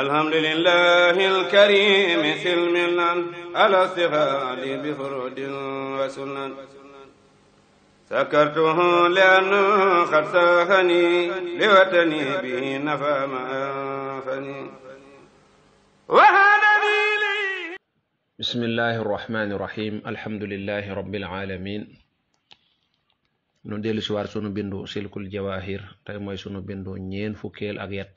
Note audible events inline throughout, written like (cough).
alhamdulillahi alkarimi silmilan alastifaad bifurud wa sunan sakartuhu lianna qad saafani liwatani bihi nafa ma anfani bismillahi arrahmani irrahim alhamdulilahi rabbil alamin nu dellu si waat sunu bindu silkul jawahir tey mooy sunu bindu ñeen fukkeel ak yet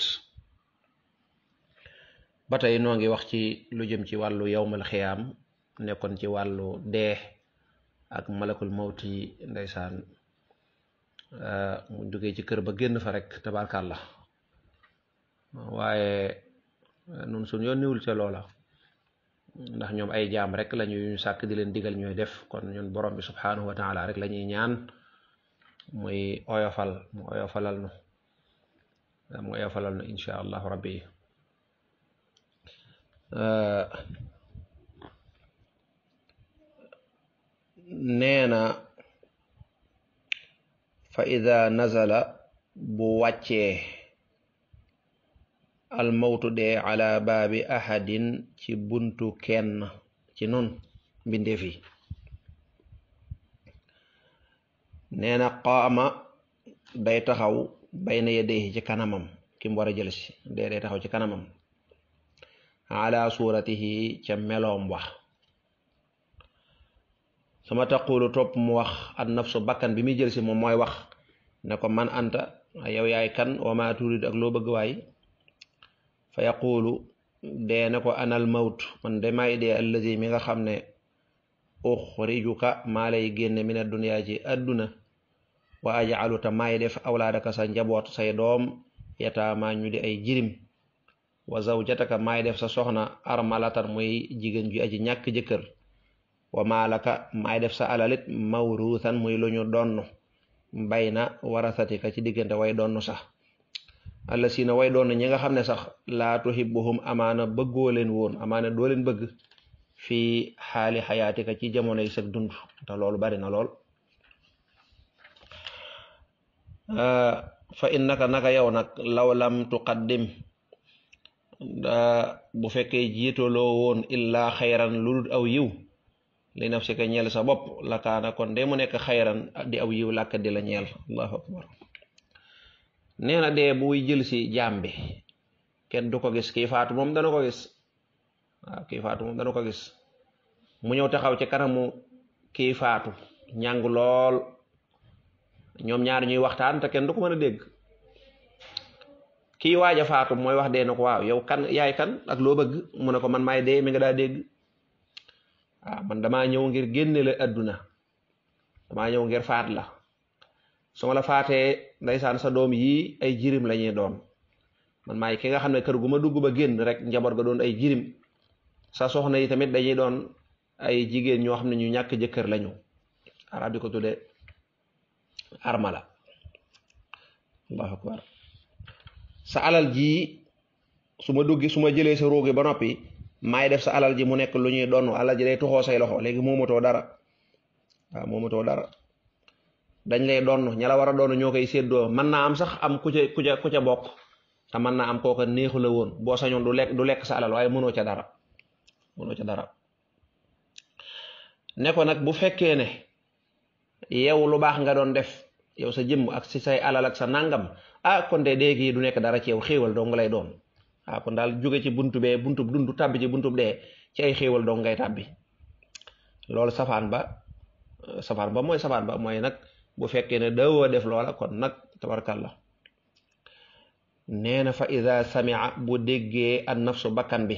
ba tey noo ngi wax ci lu jëm ci wàllu yowmal xiyaam nekkoon ci wàllu dee ak malakul mawti ndeysaan mu jógee ci kër ba génn fa rek tabarkàlla waaye nun sun yoon niwul ca loola ndax ñoom ay jaam rek lañu sàkk di leen digal ñooy def kon ñun borom bi subhanahu wa taala rek lañuy ñaan muy oyofal mu oyofalal nu mu oyofalal rabbi nee na fa ida nazala bu wàccee almawtu dee ala baabi ahadin ci buntu kenn ci nun mbindeefi nee na qaama day taxaw bayna yadayhi ci kanamam ki mu war a jëlsi dee day taxaw ci kanamam ala suuratihi ca meloom wax su ma topp mu wax an nafsu bakkan bi muy jël si moom mooy wax ne ko man anta yow yaay kan wa ma turid ak loo bëgg waay fa yaqulu dee ne ko anal mawt man de may dee allazi mi nga xam ne uxrijuka maa lay génne min adduniyaa ci adduna wa ajaalu ta may def awlaadaka sa njaboot say doom yataamaa ñu di ay jirim wa zawjataka maay def sa soxna armalatan muy jigéen ju aji ñàkk jëkkër wa maalaka may def sa alalit mawruutan muy lu ñu donn bay na warasatika ci diggante way donn sax alla si na way donn ñi nga xam ne sax laa tuhibbuhum amaana bëggoo leen woon amaana doo leen bëgg fii xaali xayaatika ci jamono yi sag dund te loolu bari na lool fa innaka naka yow nag law lam tuqaddim bu fekkee jiitaloo woon illaa xayran lu dul aw yiw li naf si ka ñeel sa bopp lakaana kon de mu nekk xayran di aw yiw lakk di la ñeel allahu akbar nee na dee buy jël jaam bi kenn du ko gis kii faatu moom dana ko gis moom dana ko gis mu ñëw taxaw ci kanamu kii faatu ñàng lool ñoom ñaar ñuy waxtaan te kenn du ko mën a dégg kii waaj a faatu mooy wax dee na ko waaw yow kan yaay ak loo bëgg mu ne ko man maay dee mi nga daa dégg waaw man damaa ñëw ngir génne la adduna damaa ñëw ngir faat la su ma la faatee ndaysaan sa doom yii ay jirim lañuy doon man maay ki nga xam ne kër gu ma dugg ba génn rek njaboot ga doon ay jirim sa soxna yi tamit dañuy doon ay jigéen ñoo xam ne ñu ñàkk jëkkër lañu arab di ko tudde armala sa alal ji su ma duggi su ma jëlee sa ruugi ba noppi maay def sa alal ji mu nekk lu ñuy donn alal ji day tuxoo say loxo léegi moomatoo dara waaw moomatoo dara dañ lay donn ña la war a donn ñoo koy séddoo mën naa am sax am ku ca ku ca bokk te mën naa am kooka neexu la woon boo sañoon du du lekk sa alal waaye mënoo ca dara mënoo ca dara ne ko nag bu fekkee ne yow lu baax nga doon def yow sa jëmb ak si say alal ak sa nangam ah kon de léegi du nekk dara ci yow xéewal dong lay doon ah kon daal jóge ci buntu bee buntub buntu tàbbi ci buntu dee ci ay xéewal dong ngay tàbbi loolu safaan ba safaan ba mooy safaan ba mooy nag bu fekkee ne daawoo def loola kon nag tabarkalla nee na fa ida samia bu déggee an nafsu bakkan bi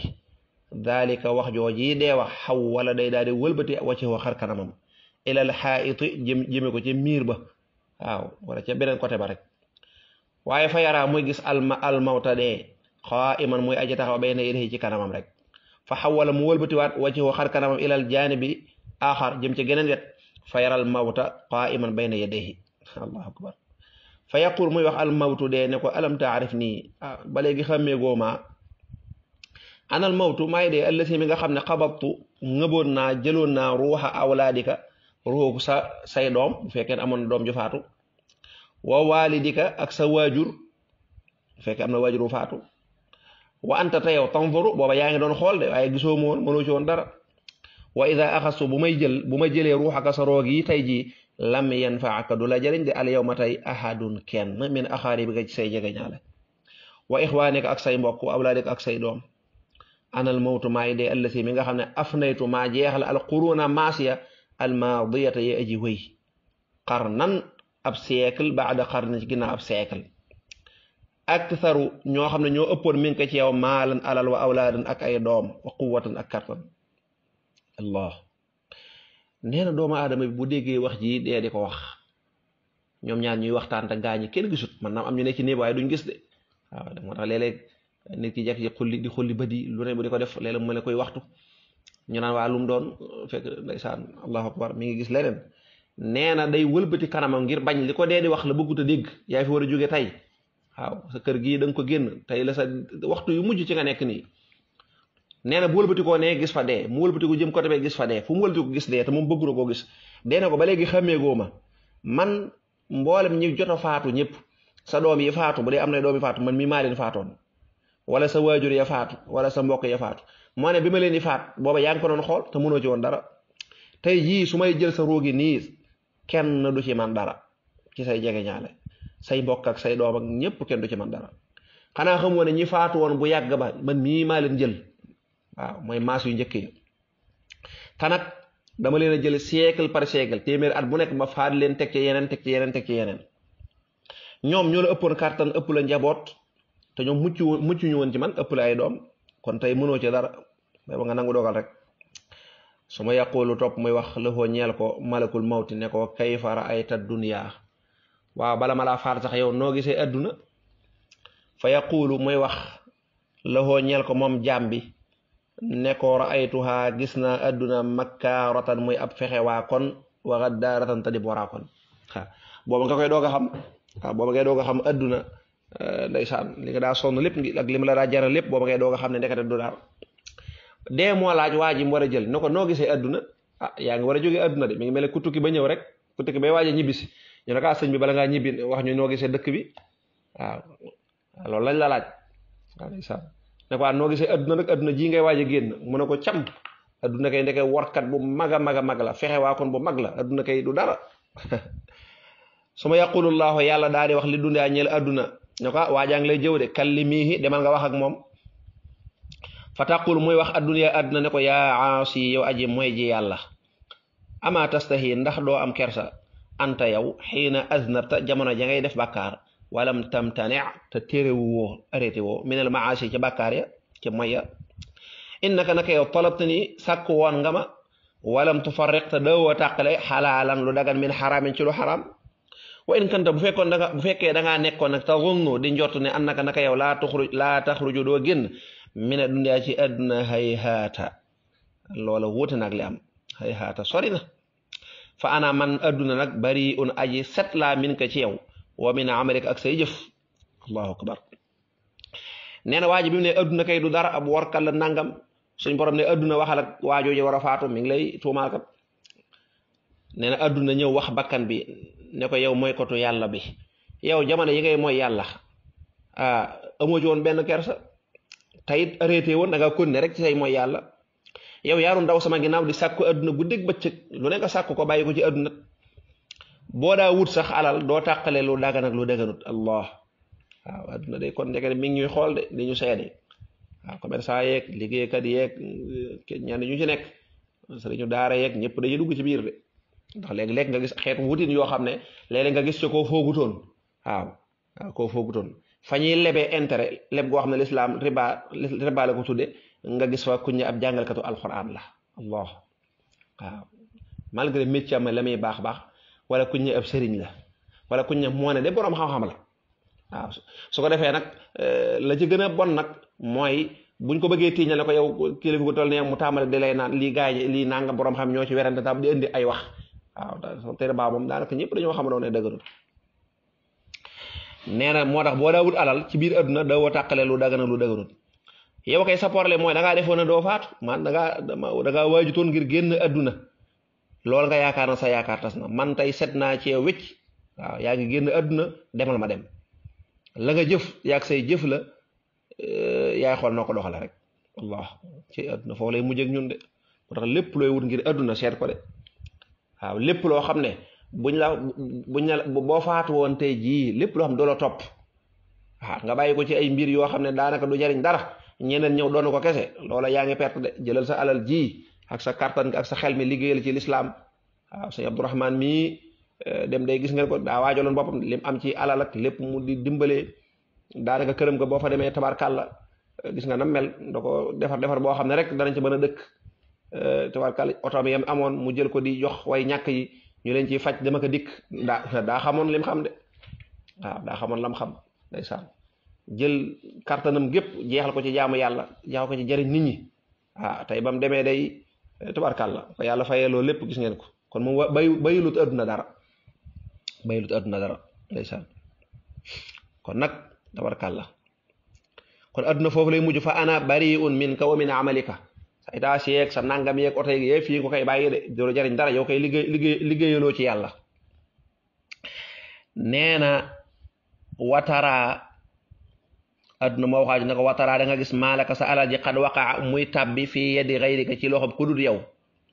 dalika wax jooji dee wax xaw wala day daal di wëlbati wacce wa xar kanamam ilal xaayiti jëm jëme ko ci miir ba waaw wala ca beneen côté ba rek waaye fa yaraa muy gis alma almawta dee xaa iman muy aji taxaw bay na yédeyi ci kanamam rek fa xawala mu wëlbatiwaat wajhu xar kanamam ilal jaanibi axar jëm ci geneen wet fa yaral mawta xaa iman bay na allahu akbar fa yaqul muy wax almawtu dee ne ko alam taarif nii ah ba léegi xàmmeegoo maa anal mawtu maay dee allasi nga xam ne xabattu ngëboon naa jëloon naa ruuxa awlaadika ruuxu sa say doom bu fekkee amoon doom ju wa walidika ak sa waajur fekk am na waajur bu faatu wa anta ta yow tanzuru booba yaa ngi doon xool de waaye gisoo ma dara wa ida axastu bu may jël bu ma jëlee ruuxaka sa roog tey jii lam yanfaaka du la jëriñ de al yawma tey ahadun kenn min axaaribika ci say jegeñaale wa ixwaanika ak say mbokk wa awlaadika ak say doom anal mawtu maay dee allati mi nga xam ne afnaytu maa jeexal al quruuna maasiya al maadiyata ye aji wéy qarnan ab siècle baada na ci ginaa ab siècle aktharu ñoo xam ne ñoo ëppoon min ko ci yow maalan alal wa awlaadan ak ay doom wa quwwatan ak kattan allah nee na doomu aadama bi bu déggee wax ji dee di ko wax ñoom ñaan ñuy waxtaan te gaañi kenn gisut man naam am ñu ne ci néeg waaye duñ gis de waaw moo tax léeg-léeg nit ki lu ne di ko def léeg-léeg mu koy waxtu ñu naan waa lu doon fekk ndeysaan allahu akbar mi ngi gis leneen nee na day wëlbati kanamam ngir bañ li ko dee di wax la bëggut a dégg yaay fi war a jóge tey waaw sa kër gii da nga ko génn tey la sa waxtu yu mujj ci nga nekk nii nee na bu wëlbati koo nee gis fa dee mu wëlbati ko jëm côté bee gis fa dee fu mu wëlbati gis dee moom bëgg na koo gis dee na ko ba léegi xàmmee ma man mboolem ñi jot a faatu ñëpp sa doom yi faatu bu dee am na doom yi faatu man mii maa leen faatoon wala sa waajur ya faatu wala sa mbokk ya faatu moo ne bi ma leen di faa booba yaa ngi ko doon xool te mënoo ci dara tey jii su may jël sa roogi nii kenn du ci man dara ci say jege ñaale say mbokk ak say doom ak ñépp kenn du ci man dara xanaa xamoo ne ñi faatu woon bu yàgg ba man mii maa leen jël waaw mooy maas yu njëkk yi te dama leen a jël siècle par siècle téeméer at bu nekk ma faat leen teg ci yeneen teg ci yeneen teg ci yeneen ñoom ñoo la ëppoon kàttan ëpp la njaboot te ñoom mucc mucc ñu woon ci man ëpp la ay doom kon tey mënoo ci dara ba nga nangu dogal rek su ma yaqulu topp muy wax lëxoo ñeel ko malakul mawti ne ko kayfa raayta dunya waaw bala ma laa faat sax yow noo gisee adduna fa yaqulu muy wax lëxoo ñeel ko moom jaam bi ne ko raaytuha gis naa adduna makkaaratan mooy ab fexe waa kon waxa daaratan tadib waraa kon waaw booba nga koy doog a xam waaw booba ngay doog a xam adduna eh, ndeysaan li nga daa sonn lépp ngi ak li mu la daa jaral lépp booba ngay doog a xam ne ndekete du dara dee moo laaj waa ji mu war a jël ne ko noo gisee adduna ah yaa war a jógee adduna de mi ngi mel ne ku tukki ba ñëw rek ku tukki bay waaj a ñibbisi ñu ne ko ah sëñ bi bala ngaa ñibbi wax ñu noo gisee dëkk bi waaw ah, loolu lañ la laaj waaw ndeysaan ne ko ah, noo gisee adduna nag adduna jii ngay waaj a génn mu ne ko cam adduna kay ndeke workat bu mag a mag a mag la fexe waa bu mag la adduna kay du dara (laughs) su ma yaqulu llaahu yàlla daal di wax li dundee ñeel adduna ne ko ah waajaa ngi lay jëw de kallimiihi demal nga wax ak moom fa taqul muy wax adduniya àdduna ne ko yaa aasi yow aji mooy ji yàlla ama tastahi ndax doo am kersa anta yow xiina aznabta jamono ja ngay def bàkkaar walam tamtane te téeréwu woo arrêté woo minal maasi ca bàkkaar ya ca moy ya innaka naka yow talabta ni sàkk woon nga ma walam tufarriq te doo woo tàqale xalaalan lu dagan min xaraamin ci lu xaraam wa in kanta bu fekkoon danga bu fekkee dangaa nekkoon nag tazunnu di njort ne annaka naka yow laa tuxruj laa doo génn mina dunyaa ci àdduna hay haata loola wuute nag li am hay haata sori fa ana man àdduna nag bari un aji set laa ka ci yow wa min amalika ak say jëf allahu akbar nee na bi mu ne àdduna kay du dara ab warkat kal nangam suñ borom ne àdduna waxal ak waajooji war a faatu mi ngi lay tuumaal kat nee na àdduna ñëw wax bakkan bi ne ko yow moykatu yàlla bi yow jamono yi ngay mooy yàlla ah amoo ci woon benn kersa tayit arrêté woon da nga kon ne rek ci say mooy yàlla yow yaaru ndaw sama ginnaaw di sàkku adduna guddeeg bëccëg lu ne nga sàkku ko bàyyi ko ci adduna boo daa wut sax alal doo tàqalee lu dagan ak lu daganut allah waaw adduna de kon ndeke mi ngi ñuy xool de li ñu seede waaw commerçant yeeg liggéeykat yeeg ñenn ñu ci nekk sëriñu daara yeeg ñëpp dañuy dugg ci biir de ndax léegi-léeg nga gis xeetu wutin yoo xam ne léeg nga gis ci koo foogutoon waaw waaw koo fa ñuy lebee intere leb goo xam ne lislaam riba riba la ko tudde nga gis fa kuñ ne ab jàngalkatu alxuraan la allah waaw malgré métier ma la muy baax baax wala kuñ ne ab sëriñ la walla kuñ ne moo ne de boroom xam la su ko defee nag euh, la ci gën a bon nag mooy buñ ko bëggee tiiñal ko yow kilifa gu toll ne mu tàmbali di lay naan lii gaañ lii nanga boroom xam ñoo ci werante tam di indi ay wax waaw te riba moom daanaka ñëpp dañoo xam ne ne dëgërul nee na moo tax boo daa wut alal ci biir adduna da woo tàqale lu na lu daganut yow kay sa problème mooy dangaa ngaa defoon ne doo faatu man da ngaa da ngaa waajutoon ngir génn adduna loolu nga yaakaar na sa yaakaar tas na man tey set naa cee wécc waaw yaa ngi génn àdduna demal ma dem la nga jëf yaag say jëf la eh, yaay xool noo ko doxale rek allah ci adduna foofu lay mujj ak ñun de moo tax lépp looy wut ngir àdduna seet ko de waaw lépp loo xam ne buñ la buñ la boo faatu woon tey jii lépp loo xam doo la topp waaw ah, nga bàyyi ko ci ay mbir yoo xam ne daanaka du jariñ dara ñeneen ñëw doonu ko kese loola yaa ngi perte de jëlal sa alal jii ak sa kartan ak sa xel mi liggéeyal ci lislaam waaw sëñ Abdourahman mii eh, dem day gis ngeen ko daa waajaloon boppam lim am ci alal lépp mu di dimbalee daanaka këram ka boo fa demee tabarkàlla eh, gis nga nam mel da ko defar defar boo xam ne rek danañ ci mën a dëkk eh, tabarkàlla otoom yam amoon mu jël ko di jox way ñàkk yi ñu leen ciy faj dama ko dikk daa xamoon lim xam de waaw daa xamoon lam xam ndeysaan jël kartanam gépp jeexal ko ci jaamu yàlla jeexal ko ci jariñ nit ñi waaw tey ba mu demee day eh, tubarkàlla ko yàlla fayee loolu lépp gis ngeen ko kon moom bay bayilut adduna dara bayilut adduna dara ndeysaan kon nag tabarkàlla kon adduna foofu lay mujj fa ana bariun minka wa min amalika say daas yeeg sa nangam yeeg oto yeeg yee fii nga koy bàyyi de jariñ dara yow koy liggéey liggéey liggéeyaloo ci yàlla nee na wataraa adduna moo waxaaj na ko wataraa da nga gis maalaka sa alal ji xad waqaa muy tabbi fii yeddi xayrika ci loxob ku dul yow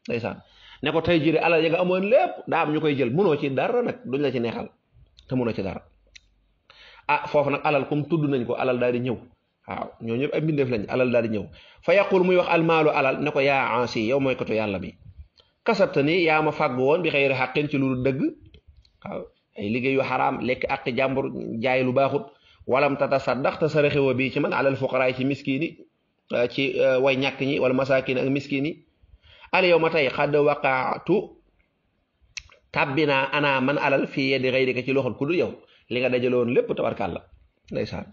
ndeysaan ne ko tey jii de alal ya nga amoon lépp daa am ñu koy jël munoo ci dara nag duñ la ci neexal te munoo ci dara ah foofu nag alal comme tudd nañ ko alal daal di ñëw waaw ñoo ñëpp ay mbindeef lañ alal daal di ñëw fa yaqul muy wax almaalu alal ne ko yaa ansi yow mooy koto yàlla bi kasabta ni yaa ma fàgg woon bi xëyri xàqin ci lu dëgg waaw ay liggéey lekk àqi jàmbur jaay lu baaxut walam tatasaddaq te saraxewa bii ci man alal fuqaraay ci miskiini ah, ci ah, way ñàkk ñi wala masaakin ak miskiini al yow ma tey xadd waqaatu tabbinaa ana man alal fii yeddi xëyrika ci loxol ku dul yow li nga dajaloon lépp tabarkàlla ndeysaan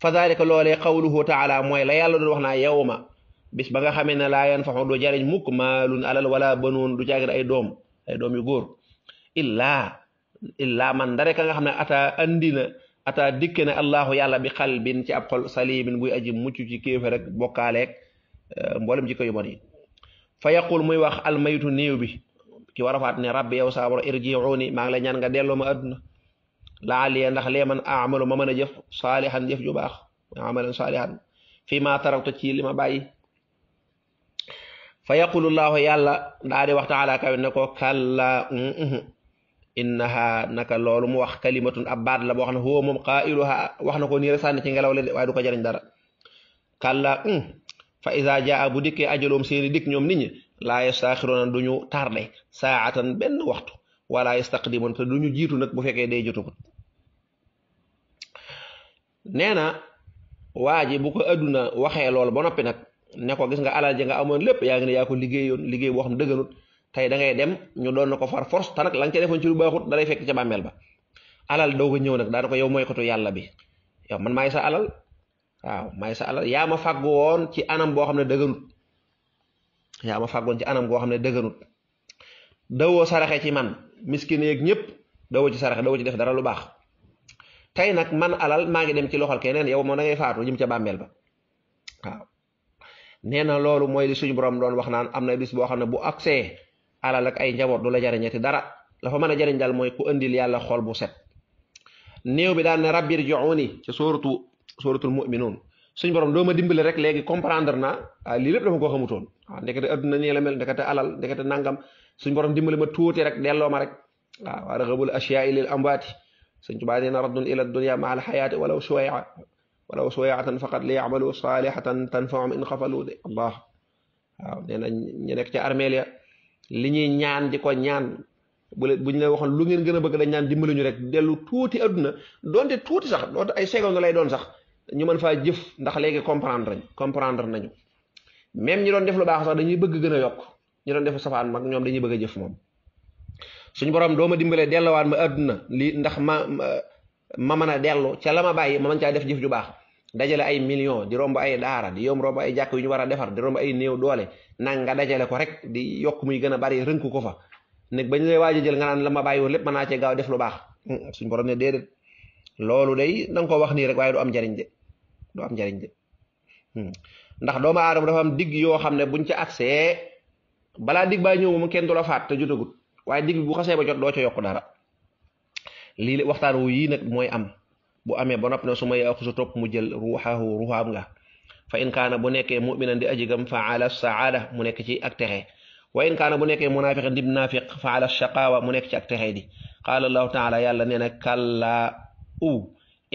fa dalika loolee qawluhu taala mooy la yàlla doon wax naa yawma bis ba nga xamee ne laa yanfaxu du jariñ mukk maalun alal wala banuun du jaagir ay doom doom yu góor illaa illaa man dare ka nga xam ne ataa andi na ataa allahu yàlla bi xalbin ci ab xol salimin buy aji mucc ci kéefe rek bokkaaleeg eh, mboolem jikko yu yi fa yaqul muy wax almaytu néew bi ki war a faat ne rabbi yow saa borom maa ngi lay ñaan nga delloo ma adduna laaliya ndax lee man amalu ma mën a jef saalihan jëf ju baax amalan saalihan fii ma ci li ma bàyyi fa yaqulu llaahu yàlla ndaa di wax taala kawe ne ko kalla innaha naka loolu mu wax kalimatun ab baat la boo xam ne huwa moom qaa'iluha wax na ko nii rek ci ngelaw la de waaye du ko jëriñ dara kalla mm, fa iza jaa bu dikkee ajaloom seeni dikk ñoom nit ñi laa yastaaxiroona duñu tarde saatan benn waxtu wala yastaqdimun te duñu jiitu nag bu fekkee day jotugut nee na waa ji bu ko adduna waxee loolu ba noppi nag ne ko gis nga alal ji nga amoon lépp yaa ngi ne yaa ko liggéeyoon liggéey boo xam dëgganut tey dangay dem ñu doon na ko far force te nag ca defoon ci lu baaxut da lay fekk ca bàmmeel ba alal doo ko ñëw nag daana ko yow mooy kotu yàlla bi yow man maay sa alal waaw maay sa alal yaa ma fag woon ci anam boo xam ne dëgganut yaa ma woon ci anam boo xam ne dëgganut dawoo saraxe ci man miskin yeeg ñëpp dawoo ci saraxe dawoo ci def dara lu baax tey nag man alal maa ngi dem ci loxol keneen yow moom da ngay faatu jëm ca bàmmeel ba waaw nee na loolu mooy li suñu borom doon wax naan am na bis boo xam ne bu accès alal ay njaboot du la jariñati dara la mën a jariñ daal mooy ku indil yàlla xol bu set néew bi daal ne rabbi irji'uni ci suuratu suuratul mu'minuun suñu borom doo ma dimbali rek léegi comprendre na ah, lii lépp dama ko xamutoon waaw ah, ndekete adduna nii la mel ndekete alal ndekete nangam suñu borom dimbale ma tuuti rek delloo ma rek waaw ah, wa raxabul ashyaai lil amwaati sëñ Tuubaa nee na raddun ila dunya ma al xayaati walaw suwaya walaw suwayatan faqat li yamalu saalihatan tanfahum in xafalu de allah waaw nee na ñu nekk ci armeel ya li ñuy ñaan di ko ñaan bu buñu la waxoon lu ngeen gën a bëgg dañ ñaan dimbali ñu rek dellu tuuti adduna doonte tuuti sax doonte ay seconde lay doon sax ñu mën faa jëf ndax léegi comprendre nañ comprendre nañu même ñi doon def lu baax sax dañuy bëgg gën a yokk ñi doon def safaan mag ñoom dañuy bëgg a jëf moom suñu borom doo ma dimbalee dellowaan ma àdduna lii ndax ma ma mën a dellu ca la ma bàyyi ma mën caa def jëf ju baax dajale ay million di romb ay daara di yom romb ay jàkk yu ñu war a defar di romb ay néew doole nang nga dajale ko rek di yokk muy gën a bari rënk ko fa neg bañ lay waaj jël nga naan la ma bàyyi lépp mën naa cee def lu baax mm, suñu borom ne déedéet loolu day da ko wax nii rek waaye du am njariñ de du am njariñ de mm. ndax doomu aadama dafa am digg yoo xam ne buñ ca accès balaa digg baa ñëw moom kenn du la faat te jotagut waaye digg bu xasee ba jot doo ca yokk dara lii waxtaan wu yii nag mooy am bu amee ba nopp na su ma yaaxusu mu jël ruuxaahu ruuxaam nga fa in kaana bu nekkee muminan di aji gëm fa ala mu nekk ci ak texe wa in kaana bu nekkee munaafiqan dib naafiq fa ala shaqaawa mu nekk ci ak texe di qaala allahu taala yàlla nee na kalla u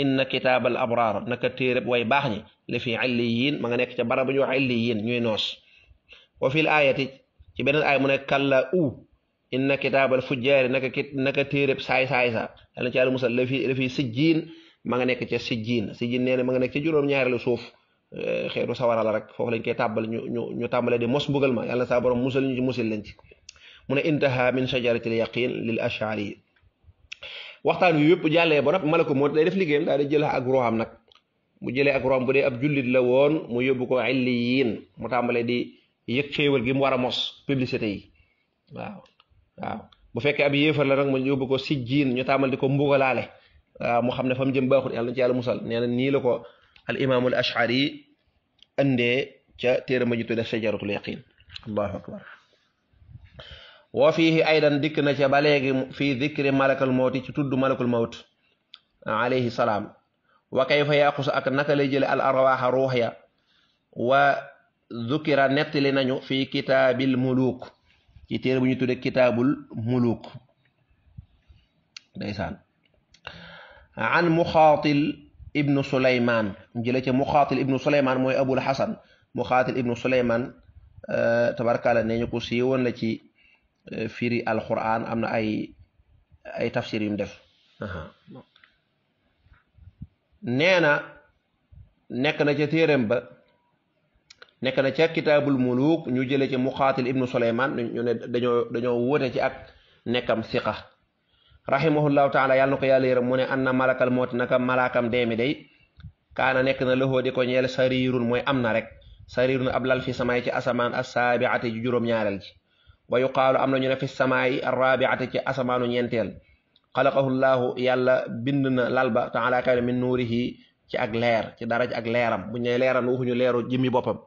inna kitaabal abraar naka téereb way baax ñi li fi illiyin ma nga nekk ca bara bu ñu wax illiyin ñuy noos wa fil aayati ci beneen aay mu ne kallaa u na kitaabal fujjaari naka ki naka téereb saay-saay sa yàlla ci yàlla musal la fi la fi sijjiin ma nga nekk ca sijjiin sijjiin nee na ma nga nekk ca juróom-ñaareelu suuf eh, xeetu sawara la rek foofu lañ koy tàbbal ñu ñu ñu tàmbalee di mos mbugal ma yàlla saa borom musal ñu ci musil lañ ci mu ne intaha min shajaratil yaqin lil ashari yi waxtaan wi yëpp jàllee ba nag ko moo day def liggéeyam daal di jël ak ruuxam nag mu jëlee ak ruuxam bu dee ab la woon mu yóbbu ko illiyin mu tàmbalee di yëg xéewal gi mu war a mos publicité yi waaw bu fekkee ab yéefar la nag mu yóbbu ko sijjiin ñu taamal di ko mbugalaale waaw mu xam ne fa mu jëm baaxul yàlla na musal nee na nii la ko al imaamul ashari andee ca téere ma ñu tudde sajaratul yaqin allahu akbar wa aydan dikk na ca ba léegi fii dikri malakal mawti ci tudd malakul mawt alayhi salaam wa kayfa yaqus ak naka lay jële al arwaaxa ruux ya wa zukira nettali nañu fi kitaabil muluk ci téere bu ñu tudde kitaabul muluk ndeysaan an muxaatil ibnu suleymaan ca muxaatil ibnu mooy abul xasan muxaatil ibnu suleymaan euh, tabarkaala nee ñu ko siiwoon la ci euh, firi alquran am na ay ay tafsir yum def nee na nekk na ca téeréem ba nekk na ca kitaabul muluk ñu jële ci muqaatil ibnu suleyman ñu ne dañoo dañoo wóote ci ak nekkam siqa rahimahullahu taala yàlla na ko yàlla yërëm mu ne an na malakal mooti naka malaakam deemi day kaana nekk na loxoo di ko ñeel sariirun mooy am na rek sariirun ab lal fi ci asamaan assaabiati ji juróom-ñaareel ji wa yuqaalu am na ñu ne fi samaay arraabiati ci asamaanu ñeenteel xalaqahu llaahu yàlla bind na lal ba taala kaana min nuurihi ci ak leer ci dara ak leeram bu ñu nee leeru jëmmi boppam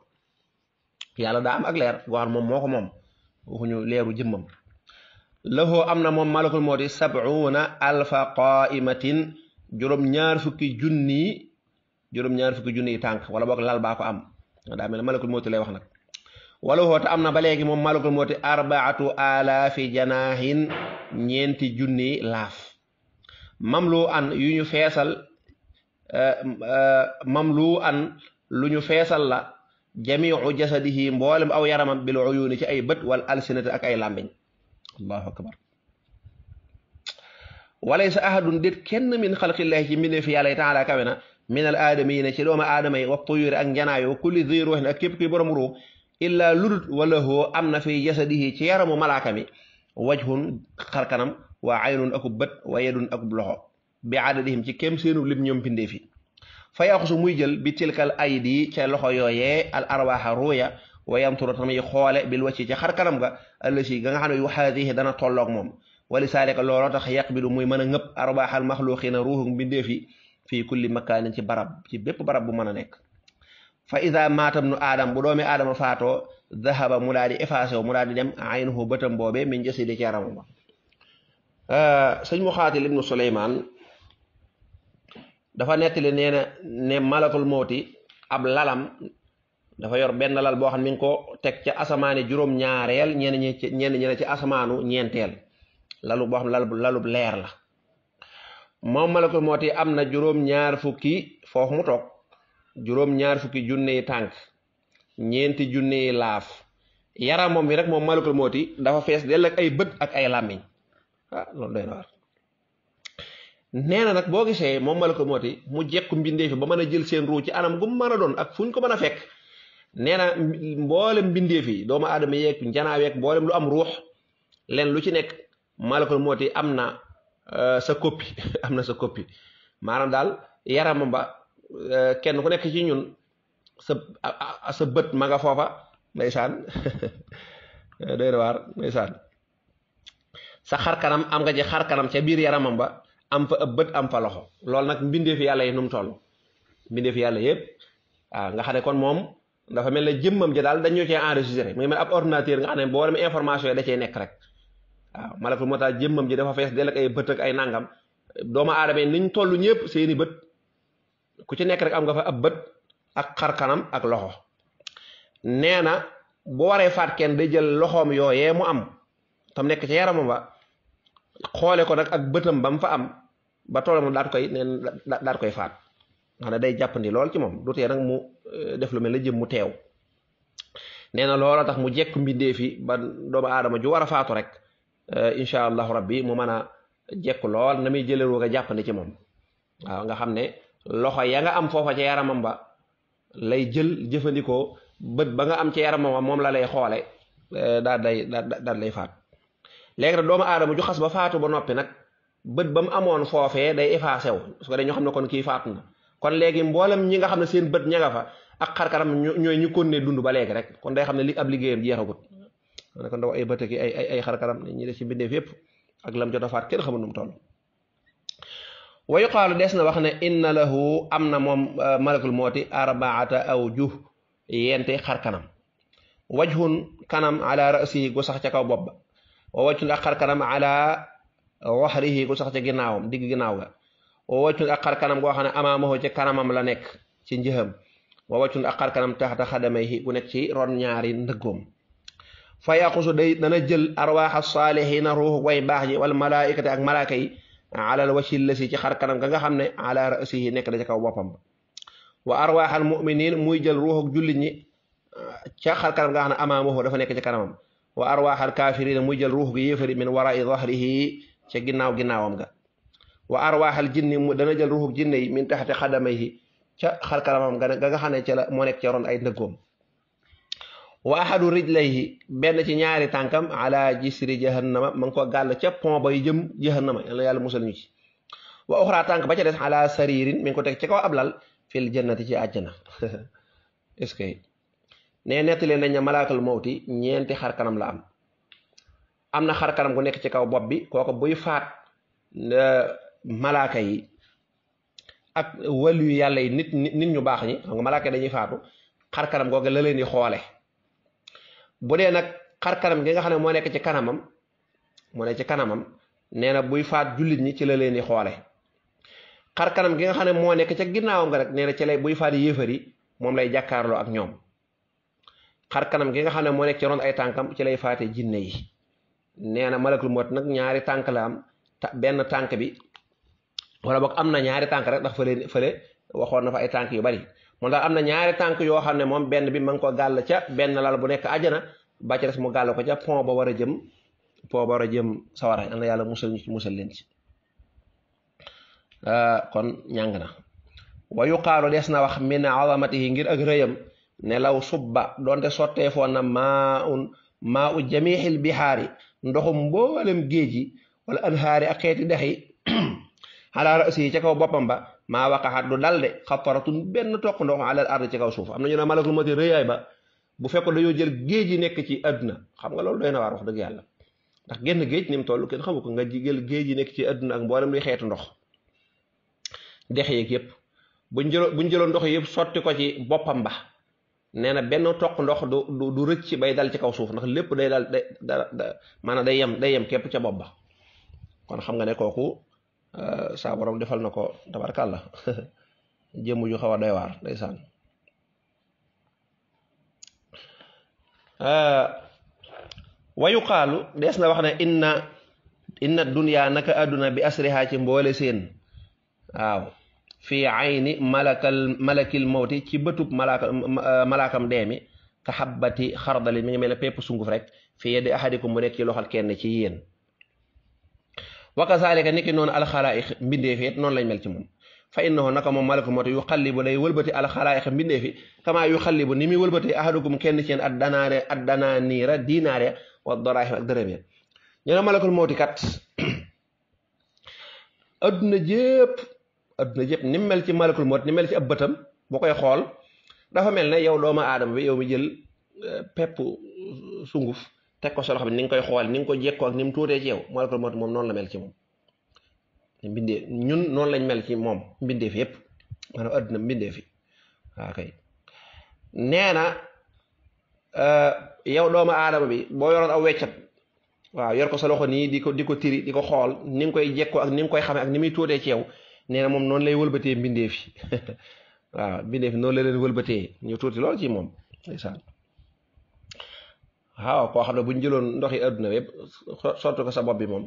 yàlla daa am ak leer moom moo ko moom waxuñu leeru jëmmam lahoo am na moom malakul mawti sabuuna alfa qaaimatin juróom-ñaar fukki junni juróom tànk wala boog lal baa am daa mel ne malakul mawti lay wax nag wala woo te am na ba léegi moom malakul mawti arbaatu alaafi janaahin ñeenti junni laaf mamlu an yu ñu feesal eh, eh, mamlu an lu ñu feesal la jamiu jasadihi mboolem aw yaramam bil uyuuni ci ay bët wal alsinati ak ay làmmiñ allahu akbar walaysa ahadun déet kenn min xalqillahi ci mbindeef yàlla yi taala kawe na min al aadamiina ci doomu aadama yi wa tuyuri ak njanaayo wa kulli zi ruuhin ak képp kuy borom ruux illaa ludut wala hoo am na fi jasadihi ci yaramu malaaka mi wajhun xarkanam waa aynun akub bët wa yadun akub loxo bi adadihim ci kem seenu lim ñoom mbindeef fa yaxusu muy jël bi tilkal aydi ca loxo yooyee al arwaaxa ruuya wa yamturu tamit xoole bil wacci ci xar kanam ga allësi ga nga xam ne yu xaadihi dana tolloog moom a saalika looloo tax yaqbilu muy mën a ngëpp arbaaxal maxluuqiina ruuxu mbindeef yi fii kulli makaanin ci barab ci bépp barab bu mën a nekk fa ida maatam nu aadam bu doomi aadama faatoo dahaba mu daal di effacé wu mu daal di dem aynuhu bëtam boobe min jasidi ci yaramam ba sëñ mu xaatil ibnu Suleymaan dafa nettali nee na ne malakul mooti ab lalam dafa yor benn lal boo xam ni nga ko teg ca asamaani juróom-ñaareel ñenn ñi ci ñenn ñi ci asamaanu ñeenteel lalu boo xam lalu leer la moom malakul mawti am na juróom-ñaar fukki foofu mu toog juróom-ñaar fukki junne yi tànk ñeenti junne yi laaf yaram moom bi rek moom malakul mawti dafa fees dell ak ay bët ak ay làmmiñ ah, loolu doy nee na nag boo gisee moom malakul mawti mu jekku mbindeef ba mën a jël seen ruu ci anam gu mu mën a doon ak fu ñu ko mën a fekk nee na mboolem mbindeef yi doomu aadama yeeg njanaaweek mboole lu am ruux leen lu ci nekk malakul mawti am na euh, sa copie (laughs) am na sa copie maanaam daal yaramam ba euh, kenn ku nekk ci ñun sa sa bët ma nga foofa ndeysaan (laughs) doy na waar ndeysaan sa xarkanam kanam am nga ci xar ca biir yaramam ba am fa bët am fa loxo loolu nag mbindeef yàlla yi nu mu toll mbindeef yàlla yëpp nga xam ne kon moom dafa mel ne jëmmam ji daal dañu cee enregistré muy mel ab ordinateur nga xam ne boo demee information yi nekk rek waaw malakul moo tax dafa fees del ak ay bët ak ay nangam doomu aadama yi niñ toll ñëpp seeni bët ku ci nekk rek am nga fa ab bët ak xar ak loxo nee na bu waree faat kenn day jël loxoom yooyee mu am tam nekk ci yaramam ba xoole ko nag ak bëtam ba mu fa am ba toolam daal koy neen daal koy faat nga xam day jàppandi lool ci moom du tee mu eh, def lu mel ne jëm mu teew nee na loola tax mu jekk mbindeef fi ba doomu aadama ju war a faatu rek eh, incha allahu rabbi mu mën a jekk lool na muy jëlee ruuga jàppandi ci moom waaw nga xam ne loxo ya am foofa ca yaramam ba lay jël jëfandikoo bët ba nga am ca yaramam ba moom la lay xoole eh, daal day daal lay faat ju xas ba faatu ba noppi nag. bët ba mu amoon foofee day effacé wu parce que dañoo xam ne kon kii faatu na kon léegi mboolem ñi nga xam ne seen bët ña nga fa ak xarkaram ñooy ñu kon ne dund ba léegi rek kon day xam ne li ab liggéeyam jeexagut ma ne kon daw ay bët ki ay ay ay xarkaram ñi des ci mbindeef yëpp ak lam jot a faat kenn xamul nu mu toll wa yuqaalu des na wax ne inna lahu am na moom euh, malakul mooti arbaata aw juh yente xarkanam wajhun kanam alaa rasihi gu sax ca kaw bopp ba wa wajhun ak xarkanam ala waxrihi gu sax ca ginnaawam digg ginnaaw ga wa waccun ak xar kanam goo xam ne amaamahu ci kanamam la nekk ci njëxam wa waccun ak xar kanam taxta xadamayhi gu nekk ci ron ñaari ndëggoom fa yaqusu day dana jël arwaaxa saalihiina ruux way baax ñi wal malaayikati ak malaaka yi alal wachi ci xar kanam ga nga xam ne ala rasihi nekk da ca kaw boppam wa arwaaxal muminin muy jël ruux ak jullit ñi ca xar nekk ci kanamam wa arwaaxal kaafirina muy jël yéefari min warai zahrihi ca ginnaaw ginnaawam ga wa arwaaxal jinni mu dana jël ruuxu jinne yi min taxati xadamayhi ca xarkaramam ga nga xam ne ca la moo nekk ca roon ay ndëggoom wa ahadu rijlayhi benn ci ñaari tànkam ala jisri jahannama ma ngi ko gàll ca pont bay jëm jahannama yàlla yàlla musal ñu ci wa oxra tànk ba ca des ala saririn mi ngi ko teg ci kaw ab ablal fil jannati ci àjjana (laughs) est-ce que ne nettali nañ ne malaakal mawti ñeenti xar la am am na xarkanam kanam nekk ci kaw bopp bi kooku buy faat euh, malaaka yi ak wàllu yàlla yi nit nit ñu baax ñi xam nga dañuy faatu xar kanam la leen di xoole bu dee nag xar kanam xam ne moo nekk ci kanamam moo nekk ci kanamam nee na buy faat jullit ñi ci la leen di xoole xar kanam gi nga xam ne moo nekk ca ginnaawam nga rek nee na ci lay buy faat yéefar moom lay jàkkaarloo ak ñoom xar kanam gi nga xam ne moo nekk ci ron ay tànkam ci lay faate jinne yi nee na malakul mot nag ñaari tànk la am benn tànk bi wala boog am na ñaari tànk rek ndax fële fële waxoon na fa ay tànk yu bari moom daal am na ñaari tànk yoo xam ne moom benn bi ma ngi ko gàll ca benn lal bu nekk àjjana ba des mu gàll ko ca pont ba war a jëm pont ba war a jëm sawara am na yàlla musal ñu ci musal leen ci euh, kon ñàng na wa yuqaalu des na wax min azamatihi ngir ak rëyam ne law subba doonte sottee foon na maa un maa u jamixil bihaari ndoxum mboolem géej yi wala anhaari ak xeeti dex yi (clears throat) ala rasi ca kaw boppam ba maa waqaxat lu dal de xataratun benn toq ndox alal ard ci kaw suuf am na ñu ne malakul mawti rëyaay ba bu fekkoon dañoo jël géej yi nekk ci àdduna xam loolu doy na waar wax dëgg yàlla ndax genn géej ni mu toll kenn xamu ko nga jël géej yi nekk ci àdduna ak mboolem luy xeetu ndox dex yeeg yëpp buñ jëloon buñ jëloon ndox yëpp sotti ko ci boppam ba nee na benn toq ndox du du rëcc bay dal ci kaw suuf ndax lépp day dal day maanaam day yem day yem képp ca bopp ba kon xam nga ne kooku euh, saa defal na ko tabarkàlla (laughs) jëmm ju xaw a doy waar ndeysaan euh, wayuqaalu dees na wax na inna inna dunya naka àdduna bi asriha ci mboole seen waaw fi ayni malakal malakil mawti ci bëtub malaaka malaakam deemi ka xabbati xardali mi ngi mel ne sunguf rek fi yeddi ahadikum mu nekk ci loxal kenn ci yéen wa kazalika niki noonu alxalaaiq mbindee fi it noonu lañ mel ci moom fa innahu naka moom malakul mawti yu xallibu day wëlbati alxalaaiq mbindee fi kamaa yu xallibu ni muy wëlbati ahadikum kenn ci yéen ad dananiira dinaare wa daraahim ak dërëm ñu ne malakul mawti kat (clears throat) adduna jépp adduna yëpp ni mel ci malakul mot ni mel ci ab bëtam boo koy xool dafa mel ne yow dooma aadama bi yow mi jël euh, pepp sunguf teg ko sa loxo bi ni nga koy xool ni nga ko jekkoo ni mu tuutee ci yow malakul mot la mel ci ñun noonu lañ mel ci moom mbindee yëpp maanaam adduna mbindee na euh, yow doomu aadama bi boo yoroon aw weccat waaw yor ko nii di ko di ko tiri di ko xool ni koy jekkoo ak ni nga koy xamee ak ni muy tuutee ci yow nee na moom noonu lay wëlbatee mbindeef yi (laughs) waaw mbindeef noonu la leen wëlbatee ñu tuuti lool ci moom ndeysaan waaw koo xam ne bu jëloon ndox yi adduna yëpp sotti ko sa bopp bi moom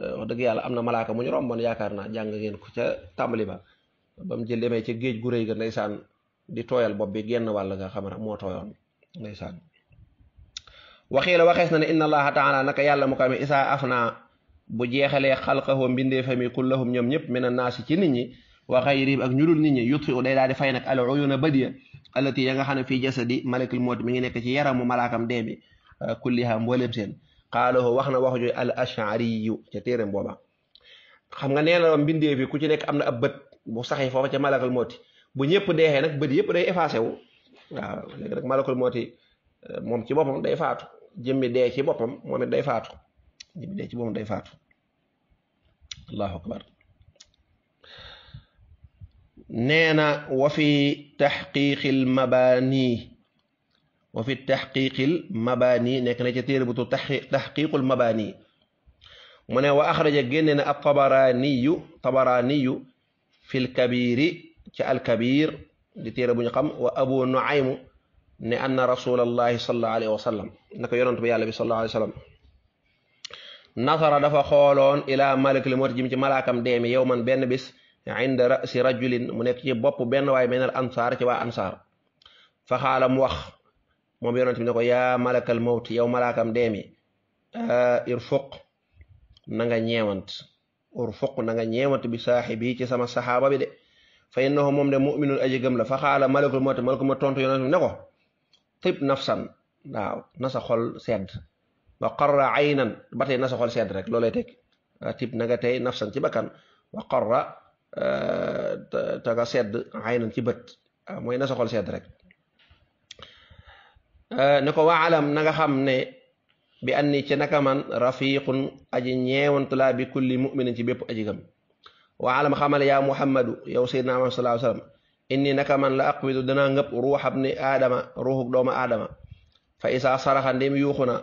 euh, dëgg yàlla am na malaaka mu ñu yaakaar naa jàng ngeen ko ca tàmbali ba ba mu jël géej gu rëy ga ndeysaan di bopp bi genn wàll nga xam ne moo tooyoon ndeysaan waxees na ne inna allaha taala naka yàlla mu ko amee isaa afna boo jeexalee xal xalqahu mbindeefami kullahum ñoom ñëpp min annaasi ci nit ñi wa xayrihim ak ñu dul nit ñi yutfi u day daal di fay nag al uyuna a allati ya nga xam ne fii jasadi malakil mawt mi ngi nekk ci yaramu malaakam dee bi euh, kulliha mbooleem seen xaalahu wax na wax jooy al ashariyu ca téeram booba xam nga nee na mbindee fi ku ci nekk am na ab bët bu saxee foofa ca malakal mawti bu ñëpp deexee nag bët yëpp day effacé wu waaw léegi nag malakal mawti euh, moom ci boppam day faatu jëmmi dee ci boppam moom it day faatu nit bi dee ci moom day faatu allahu akbar neena wa fi taxqiqil mabaani wa fi taxqiqil mabaani nekk na ca téere bu tudd taxqiqul mabaani mu ne wa axraja génne na ab tabaraaniyu tabaraaniyu fil kabiiri ca alkabiir di téere bu ñu xam wa abu nuaymu ne an rasulallahi sallallahu alayhi wa sallam naka yonant bi yàlla bi sallallahu alayhi nazara dafa xooloon ila malikil mawt jëm ci malaakam dee mi yow man benn bis inda rasi rajulin mu nekk ci bopp benn waay menel ansaar ci waa ansaar fa xaala mu wax moom yonent bi ne ko yaa malakal mawt yow malaakam dee mi eh, irfuq na nga ñeewant urfuq na nga ñeewant bi saaxibi ci sama saxaaba bi de fa innahu moom de muminun aji gëm la fa xaala malakul mawt malakul ma tontu yonent bi ne ko tib nafsan waaw na sa xol sedd wa qarra aynan ba tey na sa xol sedd rek loolay teg tib na nga tey nafsan ci bakkan wa qarra eh, ta nga sedd aynan ci bët ah, mooy na sa xol sedd rek eh, ne ko waalam na nga xam ne bi anni ci naka man rafiqun aji ñeewantu laa bi kulli muminin ci bépp aji gëm waalam xamal yaa muhammadu yow sayyidina Muhammad sallallahu alayhi wasallam inni naka man la aqwidu danaa ngëpp ruuxam ni aadama ruuxuk doomu aadama fa isaa saraxa ndem yuuxu na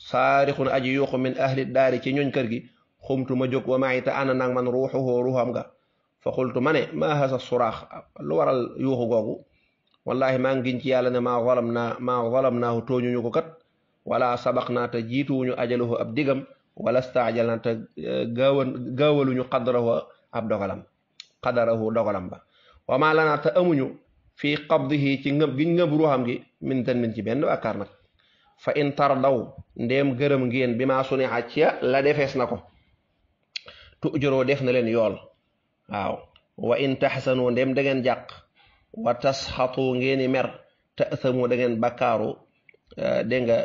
saarixun aji yuuxu min ahli daari ci ñooñ kër gi xumtu ma jóg wa maay te ànd naag man ruuxuhu ruuxam nga fa xultu ma ne maa hasa suraax lu waral yuuxu googu wallahi maa ngi giñ ci yàlla ne ma maa na ma maa walam naahu tooñuñu ko kat wala sabaq naa te jiituwuñu ajaluhu ab digam wala staajal naa te eh, gaawan gaawaluñu qadarahu ab dogalam qadarahu dogalam ba wa maa lanaa te amuñu fii qabdihi ci ngëb giñ ngëb ruuxam gi min tan min ci benn bàkkaar nag fa in tardaw ndéem gërëm ngeen bi maa suni xaj ca la defees na ko tujuroo def na leen yool waaw wa in taxsanoo ndéem da ngeen jàq wa tasxatu ngeeni mer tasamoo da ngeen bakkaaru eh, dégg nga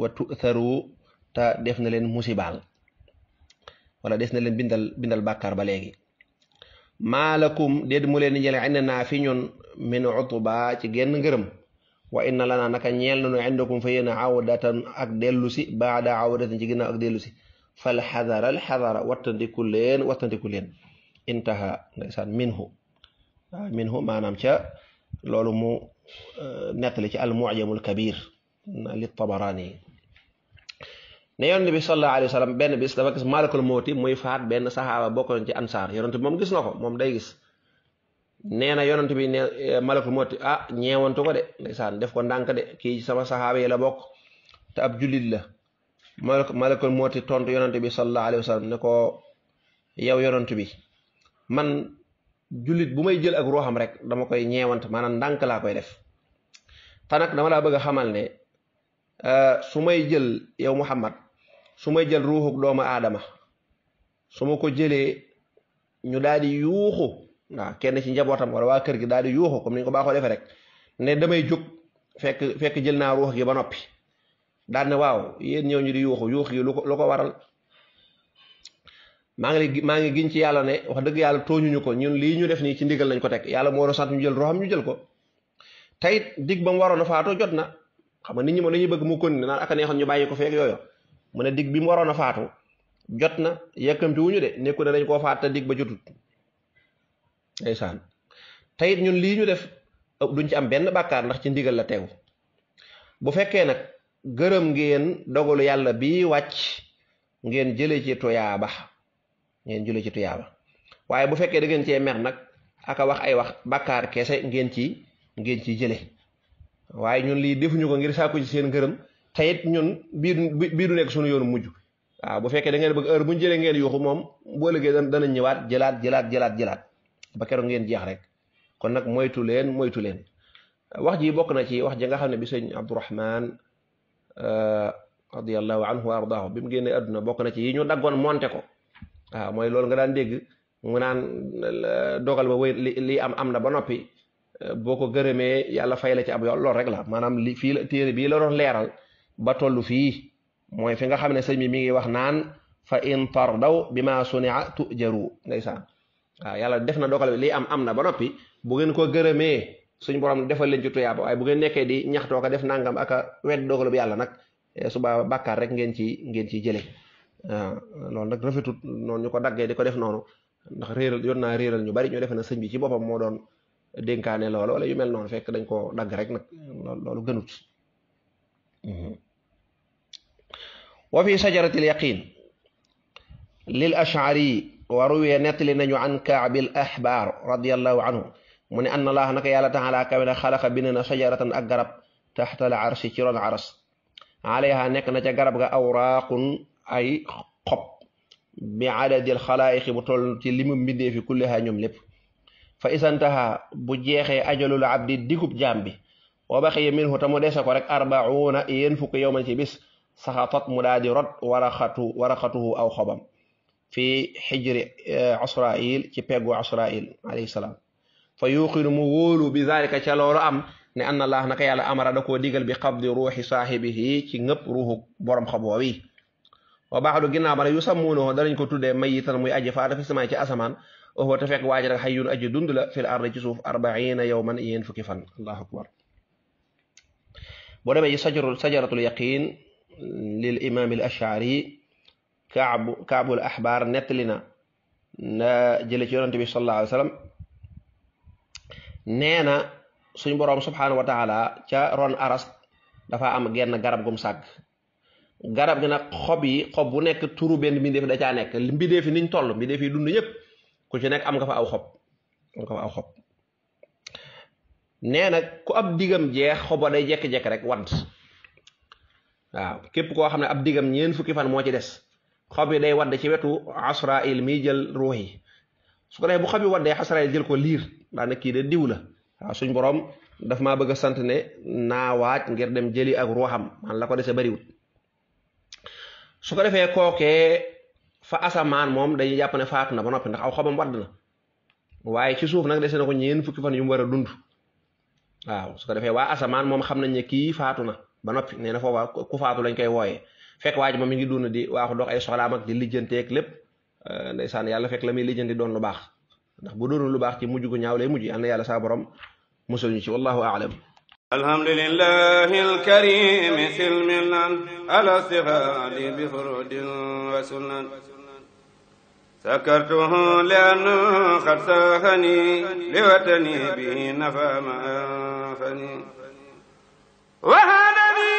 wa tutharu te def na leen musibaal wala des na leen bindal bindal bàkkaar ba léegi maalakum déed mu leen ñele ina naa fi ñun min utuba ci genn ngërëm wa inna lanaa naka ñeel nanu indakum fa yéen awdatan ak dellusi si baada awdatan ci ginnaaw ak dellu si fal xadara al xadara wattandiku leen wattandiku leen intaha minhu waaw minhu maanaam ca loolu mu euh, nettali ci al mucjamul kabir li tabaraani ne yonent bi sallallahu alayhi wa sallam benn bis dafa gis malakul mawti muy faat benn saxaaba bokkoon ci ansaar yonent bi moom gis na moom day gis nee na yonent bi ne eh, malakul mawti ah ñeewantu ko de ndeysaan def ko ndànk de kii sama saxaaba yi la bokk te ab jullit la malak malakul mawti tontu yonent bi sallallahu alayhi wa sallam ne ko yow yonent bi man jullit bu may jël ak ruuxam rek dama koy ñeewant maanaam ndànk laa koy def te dama laa bëgg a xamal ne eh, su may jël yow Muhammad su may jël ruuxuk doomu aadama su ma ko jëlee ñu daal di yuuxu waaw kenn ci njabootam wala waa kër gi daal di yuuxu comme ni ko baaxoo defee rek damay jóg fekk fekk jël naa ruux gi ba noppi daal ne waaw yéen ñëw ñu di yuuxu yuux gi ko lu ko waral maa ngi maa ngi ci yàlla ne wax dëgg yàlla tooñuñu ko ñun lii ñu def nii ci ndigal lañ ko teg yàlla moo doon sant ñu jël ruuxam ñu jël ko tayit dig ba mu waroon a jot na xam nga nit ñi moom dañuy bëgg mu continuer ak a neexoon ñu bàyyi ko feeg yooyu mu ne dig bi mu waroon a faatu jot na yëkkamti de nekku ne dañ koo faat te dig ba jotut ndeysaan tey it ñun lii ñu def duñ ci am benn bàkkaar ndax ci ndigal la tegu bu fekkee nag gërëm ngeen dogalu yàlla bi wàcc ngeen jëlee ci tuyaaba ngeen jële ci tuyaaba waaye bu fekkee da ngeen cee mer nag aka wax ay wax bàkkaar kese ngeen ci ngeen ciy jële waaye ñun lii defuñu ko ngir sàkku ci seen gërëm tayit ñun bii bii du nekk suñu yoonu mujj waaw bu fekkee da ngeen bëgg heure bu ñu jëlee ngeen yuuxu moom boo liggéey dana ñëwaat jëlaat jëlaat jëlaat jëlaat ba keroog ngeen jeex rek kon nag moytu leen moytu leen wax ji bokk na ci wax ji nga xam ne bi sëñ Abdourahman euh, radiallahu anhu wa ardaahu bi mu génnee adduna bokk na ci yi ñu daggoon monte ko waaw mooy loolu nga daan dégg mu naan dogal ba wéy lii am am na ba noppi boo ko gërëmee yàlla fay la ci ab yoon loolu rek la maanaam li fii la téere bii la doon leeral ba toll fii mooy fi nga xam ne sëñ bi mi ngi wax naan fa in tardaw bi ma sunia tujaru ndeysaan waaw yàlla def na dogal bi lii am am na ba noppi bu ngeen ko gërëmee suñ borom defal leen ci tuyaaba waaye bu ngeen nekkee di ñaxtoo ko def nangam ak a wet dogal bi yàlla nag eh, suba bàkkaar rek ngeen ci ngeen ci jëlee ah, loolu nag rafetut noonu ñu ko daggee di ko def noonu ndax réeral yoon naa réeral ñu bari ñu defe na sëñ bi ci boppam moo doon dénkaane loolu wala yu mel noonu fekk dañ koo dagg rek nag loolu gënut mhm. wa fi sajaratil yaqin lil ashari wa ruwiya nettali nañu an kaabil ahbaar radiallahu anhu mu ne anna laaha naka yàlla taala kawe na xalaqa bind na sajaratan ak garab taxta al arsi ci ron aras nekk na ca garab ga awraaqun ay xob bi adadil xalaayiqi bu toll ci limu mbindee fi kulliha ñoom lépp fa isantaha bu jeexee ajalul abdi digub jaam bi wa baqiya minhu ta mu dese ko rek arbauna yéen fukki yowman ci bis saxatat mu daa di rot waraxatu aw xobam fi xijri asrail eh, ci peggu asrail alayhi salaam fa yuqinu mu wóolu bi zalika ca loolu am ne anna allah naka yàlla amara da koo digal bi qabdi ruuxi saahibihi ci ngëpp ruuxu borom xaboo wi wa baaxdu ginnaaw ba ne yu sammuunahu danañ ko tuddee mayitan muy aji faata fi samaay ci asamaan waxwa te fekk waa ji nag xayyun aji dund la fil ardi ci suuf arbaina yowman yéen lil imam al kaabu kaabul axbaar nettali na na jële ci yonante bi sallallahu alayhi nee na suñ boroom subhaanahu wa taala ca ron aras dafa am genn garab gum sàgg garab gi nag xob yi xob bu nekk turu benn mbindeef da caa nekk fi yi ñu toll mbindeef yi dund ñëpp ku ci nekk am nga fa aw xob am xob nee na ku ab digam jeex xobo day jekk-jekk rek wadd waaw képp koo xam ne ab digam ñeen fukki fan moo ci des xob yi day wadde ci wetu asrail mi jël ruux yi su ko defee bu xob yi waddee asrail jël ko liir daane kii de diw la waaw suñ borom daf maa bëgg a sant ne naa waaj ngir dem jëli ak ruuxam man la ko dese bariwut su ko defee kookee fa moom dañuy jàpp ne faatu na ba noppi ndax aw xobam wadd na waaye ci suuf nag dese na ko ñeen fukki fan yu mu war a dund waaw su ko defee waa asamaan moom xam nañ ne kii faatu na ba noppi nee na foofa ku faatu lañ koy wooyee fekk waa ji mi ngi dund di waaxu dox ay soxlaam ak di lijjanteeg lépp euh, ndeysaan yàlla fekk la muy lijjanti doon lu baax ndax bu doonul lu baax ci mujj gu ñaaw lay mujj yal na yàlla saa borom ñu ci wallahu aalam alhamdulillahi alkarimi silmilan ala stifadi bi furudin wa sunan sakartuhu liannu xad saxani liwatani bi nafa ma